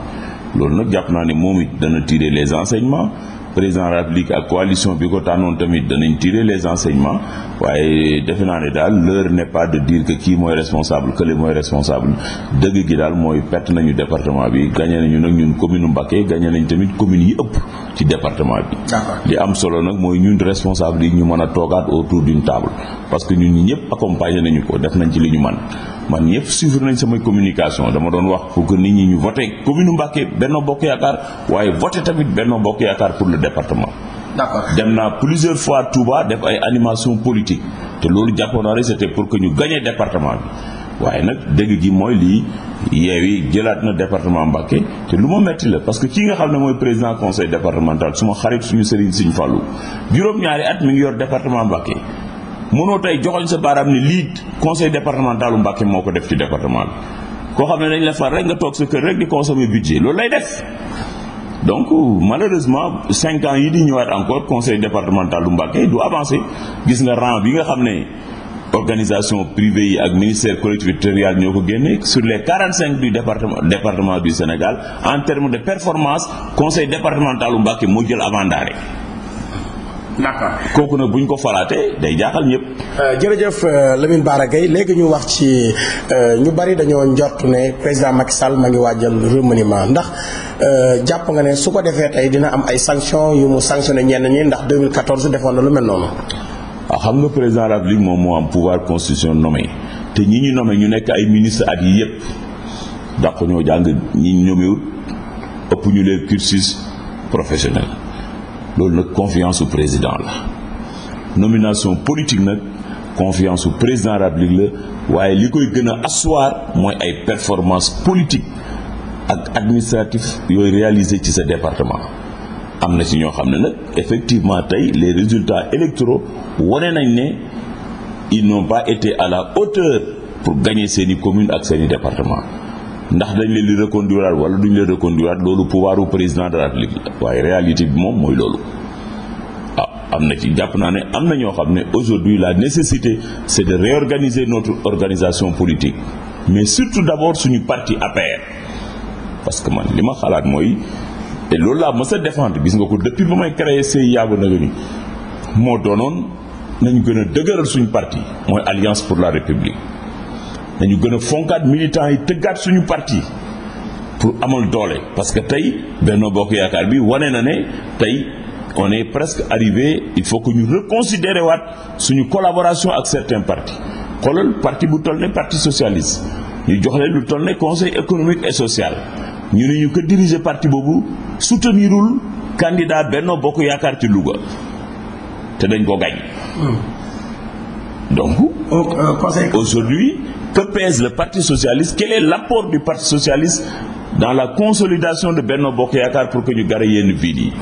loolu nag jàpp naa ne moom it dana tirer les enseignements président république ak coalition bi ko tànnoon tamit danañ tirer les enseignements waaye defe naa ne daal l'heure n'est pas de dire que kii mooy responsable que le mooy responsable dëgg gi daal mooy perte nañu département bi gagné nañu nag ñun commune Mbacké gagné nañ tamit commune yi ëpp ci département bi li am solo nag mooy ñun responsable yi ñu mën a toogaat autour d'une table parce que ñun ñi ñëpp accompagné nañu ko def nañ ci li ñu mën man yëpp suivre nañ samay communication dama doon wax pour que nit ñi ñu voté commune Mbacké Benno Bokk Yaakaar waaye voté tamit Benno Bokk Yaakaar pour le département. d'accord na naa plusieurs fois Touba def ay animation politique te loolu jàppoon naa c'était pour que ñu gañee département bi waaye nag dëgg gi mooy lii yeewi jëlaat na département Mbacké te lu ma metti la parce que kii nga xam ne mooy président conseil départemental suma xarit suñu Serigne Signe Fallou juróom-ñaari at mi yor département Mbacké mënoo tey joxoñ sa baaraam ni lii conseil départementalu Mbàkke moo ko def ci département bi koo xam ne dañ la far rek nga toog sa kër rek di consommer budget loolu lay def donc malheureusement cinq ans yi di ñëwaat encore conseil départementalu Mbàkke du avancé gis nga rang bi nga xam ne organisation privée yi ak ministère collectivité territoriale ñoo ko génne sur les cinq du département département du Sénégal en termes de performance conseil départemental u Mbacké moo jël avant d'accord kooku nag bu ñu ko falaatee day jaaxal ñëpp. Euh, jërëjëf euh, Lamine Bara Gaye léegi ñu wax ci euh, ñu bari dañoo njort ne président Macky Sall ma ngi waajal remaniement ndax jàpp nga ne su ko defee tey dina am ay sanctions yu mu sanctionné ñenn ñi ndax 2014 defoon lu mel noonu. waaw ah, xam nga président de la moom moo am pouvoir constitution nommé te ñi ñu nommé ñu nekk ay ministre at yi yëpp dàq ñoo jàng ñi ñu nommé ëpp ñu leen cursus professionnel. loolu nag confiance su président la nomination politique nag confiance su président de la la waaye li koy gën a asseoir mooy ay performance politique ak administratif yooyu réalisé ci sa département am na ci ñoo xam ne nag effectivement tey les résultats électoraux wane nañ ne ils n'ont pas été à la hauteur pour gagner seeni commune ak seeni département ndax dañ leen di reconduire wala duñ leen reconduire loolu pouvoir u président de la république la waaye réalité bi moom mooy loolu waaw am na ci jàpp naa ne am na ñoo xam ne aujourd'hui la nécessité c'est de réorganiser notre organisation politique mais surtout d'abord suñu parti APR parce que man li ma xalaat mooy te loolu laa mës a défendre gis nga ko depuis ba may créer CIA ba nag ni moo doonoon nañu gën a dëgëral suñu parti mooy alliance pour la république dañu gën a fonkaat militants yi tëggaat suñu parti pour amal doole parce que tey Benno Bokk Yaakaar bi wane na ne tey on est presque arrivé il faut que ñu reconsidérer waat suñu collaboration ak certains partis xoolal parti bu toll ne parti socialiste ñu jox leen lu toll ne conseil économique et social ñu ne ñu ko diriger parti boobu soutenirul candidat Benno Bokk Yaakaar ci Louga te dañ ko gañ hmm. donc Euh, Aujourd'hui, que pèse le Parti socialiste? Quel est l'apport du Parti socialiste dans la consolidation de Benno Bokk Yaakaar pour que ñu gare yenn ville yi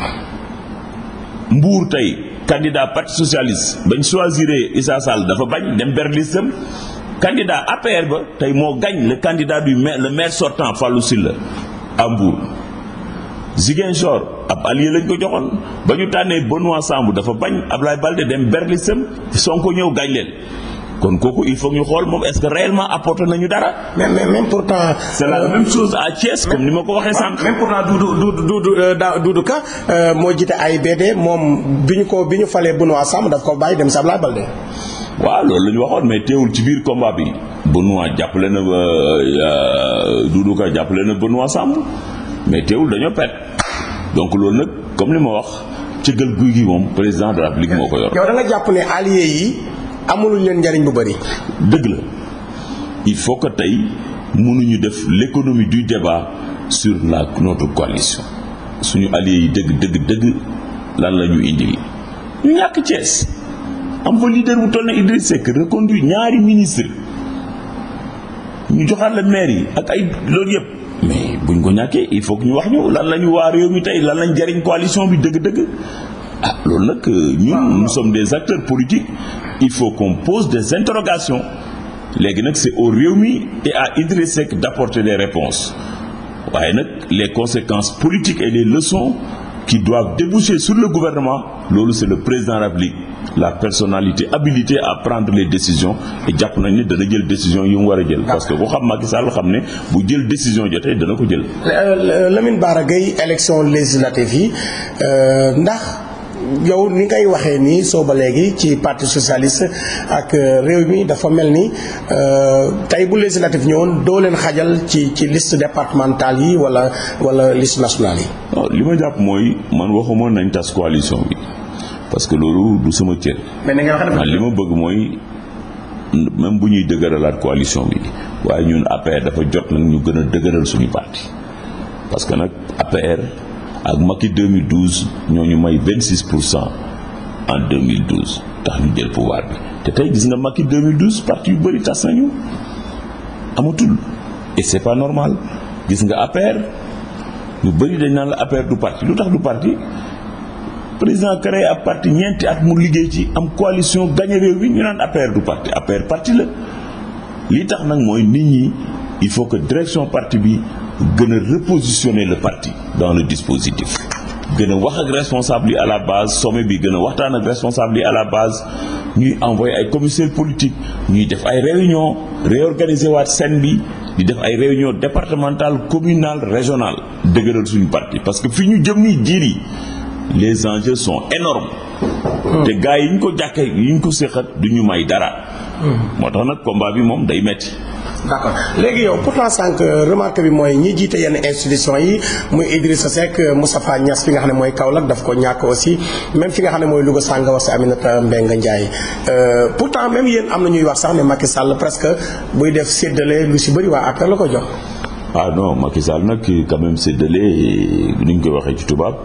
Mbour tey candidat Parti socialiste bañ choisir Issa Sall dafa bañ dem berlistam candidat APR ba tey moo gañ le candidat du maire le maire sortant Fallou Silla à Mbour Ziguinchor ab allié lañ ko joxoon ba ñu tànnee Benoît Sambou dafa bañ ab Ablaye Balde dem berlistam Sonko ñëw gañ leen kon kooku il faut ñu xool moom est-ce que réellement apporté nañu dara. mais mais même pourtant. c'est la euh, même chose à Thiès comme ni ma ko waxee sànq. même du Doudou Doudou Doudou euh, Ka euh, moo jiite AIBD moom bi ñu ko bi ñu falee bu Benoît Sam daf ko bàyyi dem si Ablaye Balde. waaw loolu la ñu waxoon mais teewul ci biir combat bi. Benoît jàppale na Doudou Ka jàppale na nuwaa Sam mais teewul dañoo pet donc loolu nag comme li ma wax cëggal guy gi moom président de la ko yor. amuluñ leen njariñ bu bari dëgg la il faut que tey mënuñu def l'économie du débat sur la notre coalition suñu alliés yi dëgg dëgg dëgg lan la ñu indi ñu ñàkk Thiès am fa leader bu toll na Idriss Seck reconduit ñaari ministre ñu joxaat la meer yi ak ay loolu yëpp mais buñ ko ñàkkee il faut que ñu wax ñu lan la ñu waa réew mi tey lan lañ jariñ coalition bi dëgg-dëgg Ah, loolu nag euh, ñun nous sommes des acteurs politiques il faut qu'on pose des interrogations léegi nag c'est au Rewmi et à Idriss Seck d'apporter des réponses waaye nag les conséquences politiques et les leçons qui doivent déboucher sur le gouvernement loolu c'est le président de la République la personnalité habilitée à prendre les décisions et jàpp nañ ne dana jël décision yu mu war a jël. parce que ku xam Macky Sall xam ne bu jël décision jotee dana ko jël. Euh, Lamine Bara Gaye élection euh, ndax. yow ni ngay waxee nii soo ba léegi ci partie socialiste ak réew mi dafa mel ni euh, tey bu législatif ñëwoon doo leen xajal ci ci liste départementale yi wala wala liste nationale yi. li ma jàpp mooy man waxuma nañ tas coalition bi parce que loolu du sama cër. mais li ma bëgg mooy. même bu ñuy ak coalition bi waaye ñun APR dafa jot nag ñu gën a dëgëral suñu parti parce que nag APR ak Macky ñoo ñu may 26 pour cent en 2012 tax ñu jël pouvoir bi te tey gis nga Macky 2012 parti yu bëri tas nañu amatul et c'est pas normal gis nga APR ñu bëri dañ naan la APR du parti lu tax du parti président créé ab parti ñeenti at mu liggéey ci am coalition gagné réew ñu naan APR du parti APR parti la lii tax nag mooy nit ñi il faut que direction parti bi gën a repositionner le parti dans le dispositif gën a wax ak responsable yi à la base sommet bi gën a waxtaan ak responsable yi à la base ñuy envoyé ay commissaires politiques ñuy def ay réunion réorganiser waat scène bi di def ay réunion départementale communale régionale dëgëral suñu parti parce que fi ñu jëm nii diir les enjeux sont énormes hmm. te gars yi ñu ko jàkkee yi ñu ko séqat du ñu may dara hmm. moo tax nag combat bi moom day metti d'accord léegi yow pourtant sànq remarque bi mooy ñi jiite yenn institution yi muy Idrissa Seck Moustapha Niass fi nga xam ne mooy Kaolack daf ko ñàkk aussi même fi nga xam ne mooy Louga sànga wax si Aminata Mbengue Ndiaye euh, pourtant même yéen am na ñuy wax sax ne Macky Sall presque buy def séddale lu si bëri waa APR la ko jox ah non Macky Sall nag quand même séddale ni ñu koy waxee ci tubaab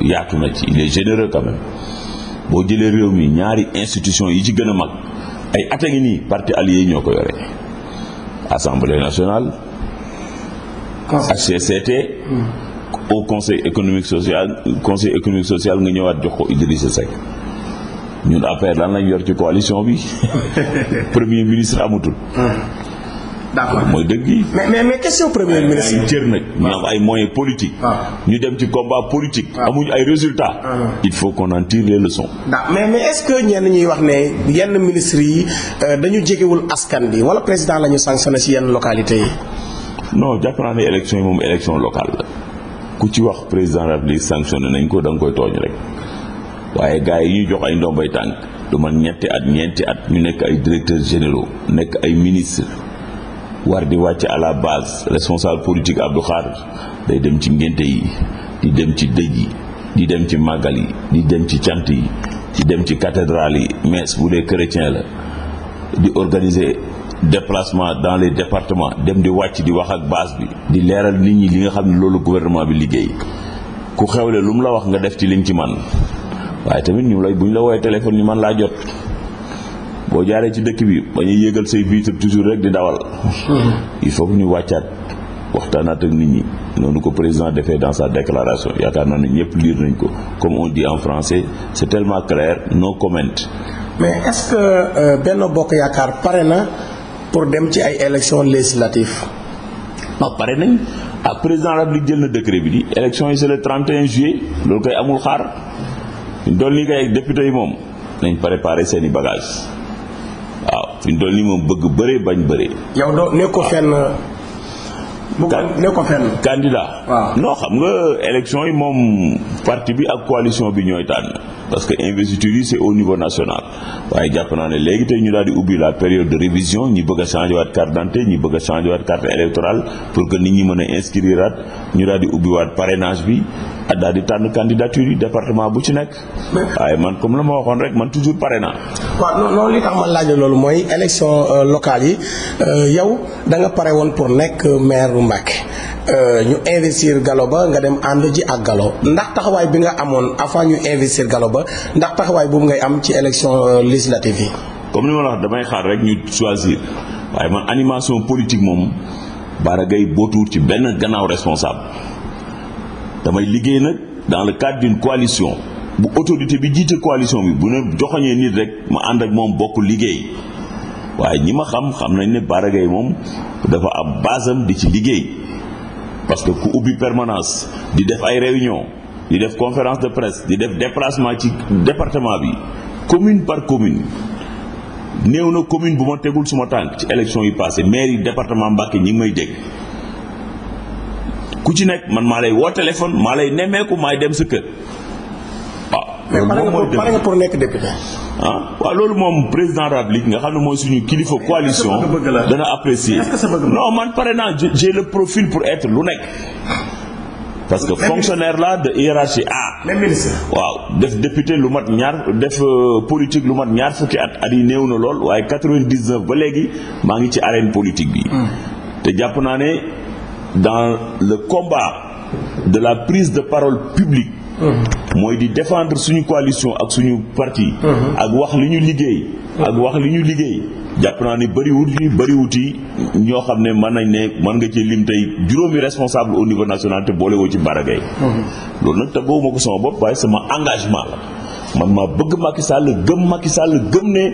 yaatu na ci il est généreux quand boo jëlee réew mi ñaari institution yi ci gën a mag ay at ngi nii parti allié yi ñoo ko yore assemblée nationale HCCT hmm. au conseil économique social conseil économique social nga ñëwaat jox ko Idrissa Seck ñun affaire lan nañ yor ci coalition bi premier ministre amatul hmm. d'accord mooy dëgg yi. mais mais mais premier ministre. ay cër nag ñu am ay ah. ñu dem ci combat politique. Ah. amuñu ay résultats. Ah, il faut qu'on en tire les leçons. mais mais est-ce que ñenn ñuy wax ne yenn ministres yi euh, dañu jegewul askan bi wala président la ñu sanctionné ci yenn localités yi. non jàpp naa ne élection yi moom élection locale la ku ci wax président de la République nañ ko danga koy tooñ rek waaye gars yi ñuy jox ay ndombay tànk du man ñetti at ñeenti at ñu nekk ay directeurs généraux nekk ay ministres. war di wàcc à la base responsable politique Abdou Khadre day dem ci ngénte yi di dem ci dëj yi di dem ci màggal yi di dem ci cant yi di dem ci cathédrale yi messe bu dee chrétien la di organiser déplacement dans les départements dem di wàcc di wax ak base bi di leeral nit ñi li nga xam ne loolu gouvernement bi liggéey ku xewle lu mu la wax nga def ci liñ ci man waaye tamit ñu lay bu ñu la woowee téléphone yi man laa jot boo jaaree ci dëkk bi ba ñuy yëgal say vitre toujours rek di dawal. Hmm. il faut que ñu wàccaat waxtaanaat ak nit ñi du ko président defee dans sa déclaration yaakaar naa ne ñëpp lire nañ ko comme on dit en français c'est tellement clair no comment. mais est-ce que euh, benn Bokk Yaakaar pare na pour dem ci ay élections législatives. non pare nañ ah président de la jël na décret bi di élection yi c'est le 31 juillet loolu koy amul xaar doon li député yi moom nañ préparer seen i bagages. fi mu toll moom bëgg bëree bañ bëree. yow doo nekkoo fenn. bu nekkoo fenn. xam nga élection yi moom parti bi ak coalition bi ñooy tànn. parce que investiture yi c'est au niveau national waaye jàpp naa ne léegi tey ñu daal di ubbi la période de révision ñi bëgg a changé waat carte d'identité ñi bëgg a changé waat carte électorale pour que nit ñi mën a inscrire at ñu daal di ubbi waat parrainage bi ak daal di tànn candidature yi département bu ci nekk. waaye man comme la ma waxoon rek man toujours pare naa. waaw loolu tax ma laaj loolu mooy élection euh, locale yi euh, yow da nga pare woon pour nekk maire bu Mbacké euh, ñu investir Galo ba nga dem ànd ji ak ndax taxawaay bi ba ndax taxawaay boobu ngay am ci élection euh, législative yi. comme ni ma la wax damay xaar rek ñu choisir waaye man animation politique moom Bara Gaye bootuwul ci benn gannaaw responsable damay liggéey nag dans le cadre d'une coalition bu autorité bi jiite coalition bi bu ne joxoñee nit rek ma ànd ak moom bokk liggéey waaye ñi ma xam xam nañ ne Bara moom dafa am basam di ci liggéey parce que ku ubbi permanence di def ay réunion di def conférence de presse di def déplacement ci département bi commune par commune néew na commune bu ma tegul suma tànk ci élection yi passé maire yi département Mbàkke ñi ngi may dégg ku ci nekk man maa lay woo téléphone maa lay nemmeeku maay dem sa kër waaw. Ah, mais pare nga pour nekk député. ah waaw loolu moom président de la nga xam ne mooy suñu kilifa coalition. dana apprécier. non man pare naa j'ai le profil pour être lu nekk. parce que fonctionnaire la de hiérarchie A. même ministre. waaw def député lu mat ñaar def euh, politique lu mat ñaar fukki at at yi néew na lool waaye 99 ba léegi maa ngi ci arène politique bi. Hmm. te jàpp naa ne dans le combat de la prise de parole publique. Hmm. mooy di defendre suñu coalition ak suñu parti. Hmm. ak wax li ñu liggéey. ak wax li ñu liggéey jàpp naa ni bëriwut yi bëriwut ñoo xam ne mën nañ ne mën nga ci lim tey juróomi responsable au niveau national te boolewoo ci Bara Gaye mhm. loolu nag taggoowuma ko sama bopp waaye sama engagement la man maa bëgg Macky Sall gëm Macky Sall gëm ne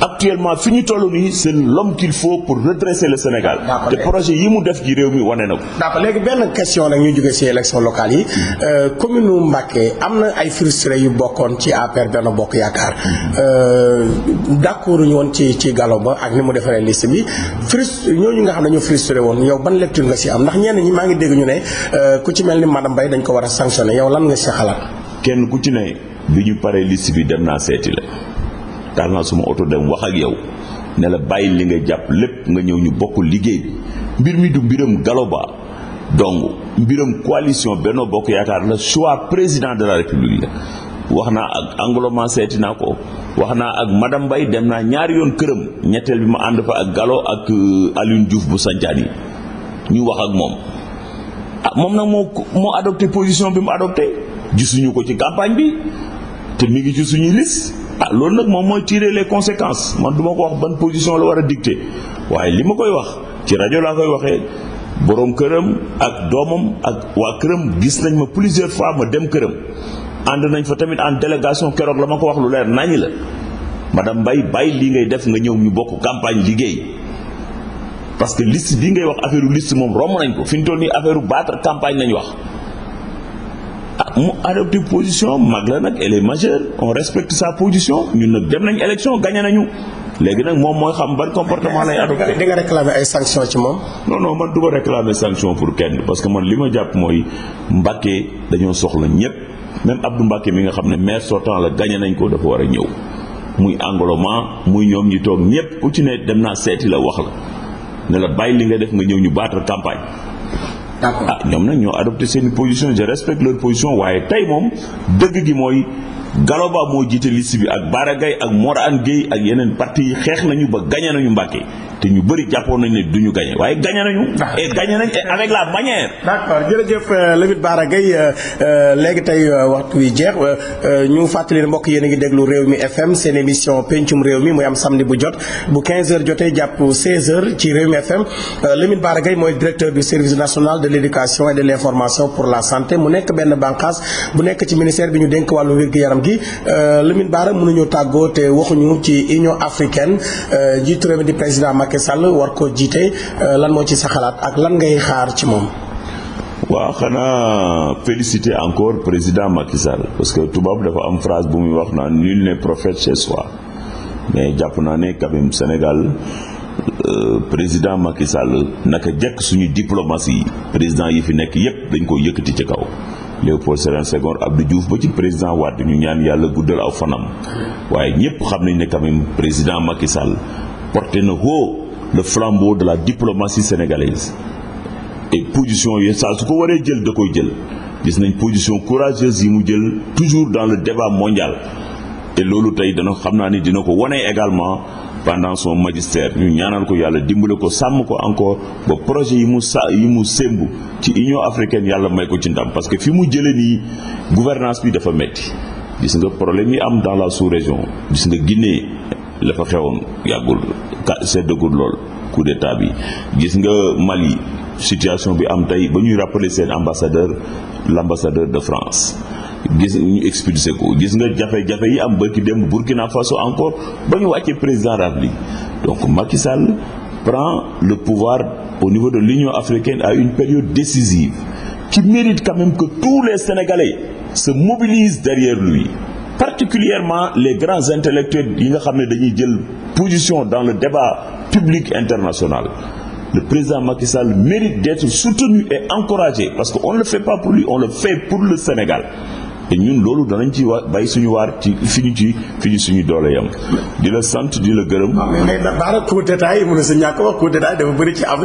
actuellement fi ñu toll nii seen l'homme qu'il faut pour redresser le Sénégal. te projet yi mu def ji réew mi wane na ko. d'accord léegi benn question nag ñu jógee ci élection locale yi hmm. euh, commune nu am na ay frustré yu bokkoon ci APR Benno Bokk Yaakaar hmm. euh, d'accord ñu woon ci ci galo ba ak ni mu defaree liste bi ñoo ñooñu nga xam ne ñoo frustré woon yow ban lecture nga ci am ndax ñenn ñi maa ngi dégg ñu ne euh, ku ci mel ni madame Mbaye dañ ko war a sanctionner yow lan nga ci xalaat. ku ci ne. bi ñu paree liste bi dem naa seeti la taal naa suma oto dem wax ak yow ne la bàyyi li nga jàpp lépp nga ñëw ñu bokk liggéey bi mbir mi du mbiram Galoba donc mbiram coalition bennoo Bokk Yaakaar la choix président de la la wax naa ak Angloma seeti naa ko wax naa ak madame Mbaye dem naa ñaari yoon këram ñetteel bi ma ànd fa ak Gallo ak euh, Alioune Diouf bu Sandiane yi ñu wax ak moom ah moom nag moo moo adopté position bi mu adopté gisuñu ko ci campagne bi te mi ngi ci suñu liste ah loolu nag moom mooy tirer les conséquences man duma ko wax ban position la war a dicter waaye li ma koy wax ci rajo laa koy waxee boroom këram ak doomam ak waa këram gis nañ ma plusieurs fois ma dem këram ànd nañ fa tamit en délégation keroog la ma ko wax lu leer nañ la madame Mbaye bàyyi lii ngay def nga ñëw ñu bokk campagne liggéey parce que liste bii ngay wax affaire liste moom romb nañ ko fi ñu toll nii affaire battre campagne lañ wax. mu adopté position mag la nag elle est majeure on respecte sa position ñun nag dem nañ élection gagné nañu léegi nag moom mooy xam ban comportement lay adopté. di nga réclamer ay sanctions ci moom. non non man du ko réclamer sanction pour kenn parce que man li ma jàpp mooy Mbacké dañoo soxla ñëpp même Abdou Mbacké mi nga xam ne maire sortant la gagné nañ ko dafa war a ñëw muy Angloma muy ñoom ñi toog ñëpp ku ci ne dem naa seeti la wax la ne la bàyyi li nga def nga ñëw ñu battre campagne. ah ñoom nag ñoo adopté seen position je respecte leur position waaye tey moom dëgg gi mooy Galoba moo jiite liste bi ak Bara ak Mor An Gueye ak yeneen parti yi xeex nañu ba gañe nañu Mbàkke te ñu bëri jàppoon nañ ne du ñu gagné waaye gagné nañu. Ah. et gagné nañ et avec la manière. d' accord jërëjëf euh, Lamine Bara Gaye euh, euh, léegi tey waxtu wi jeex ñu fàttali ne mbokk yéen a ngi déglu réew mi FM seen émission pencum réew mi mooy am samedi bu jot bu 15h jotee jàpp 16h ci réew mi FM Lamine Bara Gaye mooy directeur du service national de l' éducation et de l' information pour la santé mu nekk benn bànqaas bu nekk ci ministère bi ñu dénk wàllu wér-gu-yaram gi Lamine Bara mënuñu tàggoo te waxuñu ci Union africaine jiitu réew mi di président Macky war koo jiite euh, lan moo ci sa xalaat ak lan ngay xaar ci moom. waaw xanaa féliciter encore président Macky Sall parce que tubaab dafa am phrase bu muy wax naan nul n'est prophète chez soi mais jàpp naa ne quand même Sénégal euh, président Macky Sall naka jekk suñu yi président yi fi nekk yépp dañ ko yëkkati ci kaw. Léopold Sédar Senghor Abdou Diouf ba ci président Wade ñu ñaan yàlla guddal aw fanam waaye ñépp xam nañ ne quand président Macky Sall. porté na haut le flambeau de la diplomatie sénégalaise et position yooyu saa su ko waree jël da koy jël gis nañ position courageuse yi mu jël toujours dans le débat mondiale te loolu tey dana xam naa ni dina ko wane également pendant son magistère ñu ñaanal ko yàlla dimbale ko sàmm ko encore ba projet yi mu sa yi mu sémbu ci Union africaine yàlla may ko ci ndam parce que fi mu jëlee nii gouvernance bi dafa metti gis nga problème yi am dans la sous-région la fa xewoon yàggul seddagul lool coup d'état bi gis nga Mali situation bi am tey ba ñuy rappeler seen ambassadeur l'ambassadeur de France gis ñu expulsé ko gis nga jafe-jafe yi am bërki dem Burkina Faso encore ba ñu wàccee président Rabli donc Macky Sall prend le pouvoir au niveau de l'Union africaine à une période décisive qui mérite quand même que tous les Sénégalais se mobilisent derrière lui particulièrement les grands intellectuels yi nga xam ne dañuy jël position dans le débat public international le président Macky Sall mérite d'être soutenu et encouragé parce que on ne le fait pas pour lui on le fait pour le Sénégal te ñun loolu danañ ci wa bàyyi suñu waar ci fi ñu ci fi ñu suñu doole yam di la sant di la gërëm. waaw ah, mais mais daanaka bëri ci ah,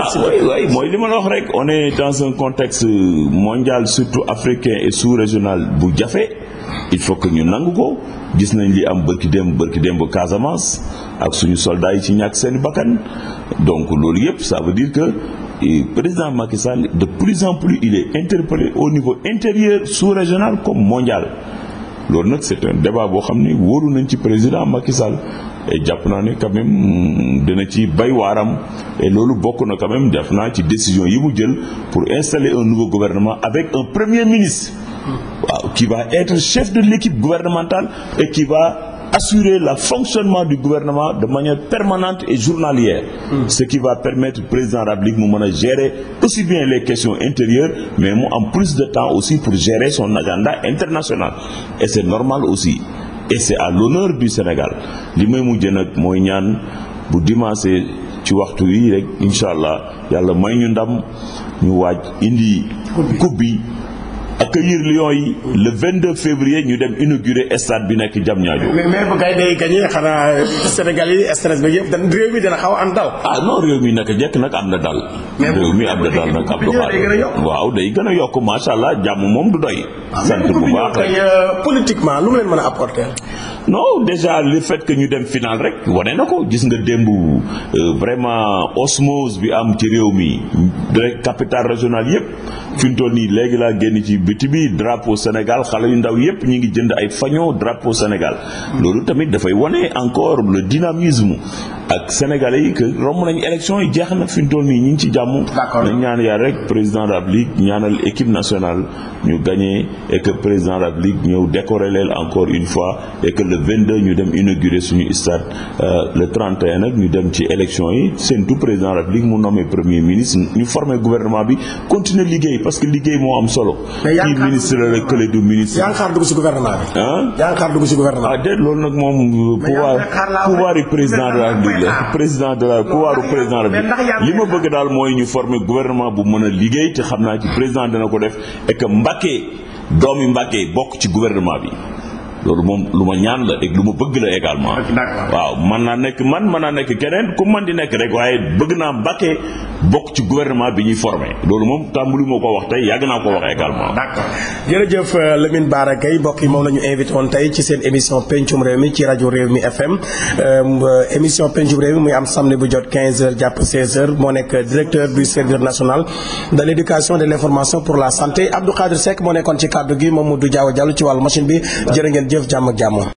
mooy li ma la wax rek on est dans un contexte mondial surtout africain et sous-régional bu jafe. il faut que ñu nangu ko gis nañ li am bërki démb bërki démb Casamance ak suñu soldats yi ci ñàkk seen bakkan donc loolu yëpp ça veut dire que président Macky Sall de plus en plus il est interpellé au niveau intérieur sous-régional comme mondial loolu nag c'est un débat boo xam ni wóoru nañ ci président Macky Sall et jàpp naa ne quand même mm, dina ci bay waaram et loolu bokk na quand même naa ci décision yi mu jël pour installer un nouveau gouvernement avec un premier ministre waaw qui va être chef de l'équipe gouvernementale et qui va assurer la fonctionnement du gouvernement de manière permanente et journalière. Mm. Ce qui va permettre président Rablik mu mën a gérer aussi bien les questions intérieures mais mu am plus de temps aussi pour gérer son agenda international et c'est normal aussi et c'est à l'honneur du Sénégal li may mujj nag mooy ñaan bu dimanche ci waxtu yi rek incha allah yàlla may ñu ndam ñu waaj indi accueillir Lions yi le 22 février ñu dem inaugurer stade bi nekk jam mais mais bu gay day gagné xanaa Sénégal yi stress bi yëpp dañ réew mi dana xaw am dal. ah non réew mi naka jekk nag am na dal. réew mi am na dal nag am na waaw day gën a yokk macha allah jàmm moom du doy. Ah, sant bu baax euh, politiquement lu mu leen mën a apporter. non déjà le fait que ñu dem final rek wane na ko gis nga démb euh, vraiment osmose bi am ci réew mi de capital régional yëpp fi mu toll nii léegi laa génn ci biti bi drapeau Sénégal xale yu ndaw yëpp ñu ngi jënd ay fañon drapeau Sénégal loolu tamit dafay wane encore le dynamisme ak sénégalais yi que romb nañu élection yi jeex na fi mu toll nii ñu ngi ci jàmm nañ ñaan yaa rek président de la République ñaanal équipe nationale ñu gagné et président de la République ñëw décorer leen encore une fois vingt de ñu dem inauguré suñu stade euh, le 31 nag ñu dem ci élection yi seen séntu président république mu nommé premier ministre ñu formé gouvernement bi continuer liggéey parce que liggéey moo am solo. kii ministre la rek kële du ministre. yaa ngi xaar dugg si gouvernement bi. ah yaa ngi xaar dugg si gouvernement loolu nag moom. Euh, pouvoir pouvoir yi président de la président de la pouvoir du président li ma bëgg daal mooy ñu former gouvernement bu mën a liggéey te xam naa ci président dana ko def et que Mbacké doomi Mbacké bokk ci gouvernement bi. loolu moom lu ma ñaan la et lu ma bëgg la également. waaw man naa nekk man man naa nekk keneen ku man di nekk rek waaye bëgg naa Mbacké bokk ci gouvernement bi ñuy formé loolu moom tàmbali moo ko wax tey yàgg naa ko wax également. d'accord jërëjëf euh, Lamine Bara Gaye mbokk yi moom la ñu invité woon tey ci seen émission pencum réew mi ci rajo réew mi FM euh, euh, émission pencum réew mi muy am samedi bu jot 15h jàpp 16 moo nekk directeur du service national de l'éducation de l'information pour la santé Abdou Khadre Seck moo nekkoon ci kàddu gi Mamadou Diaw ci wàllu machine bi jërë ngeen jërëjëf jàmm ak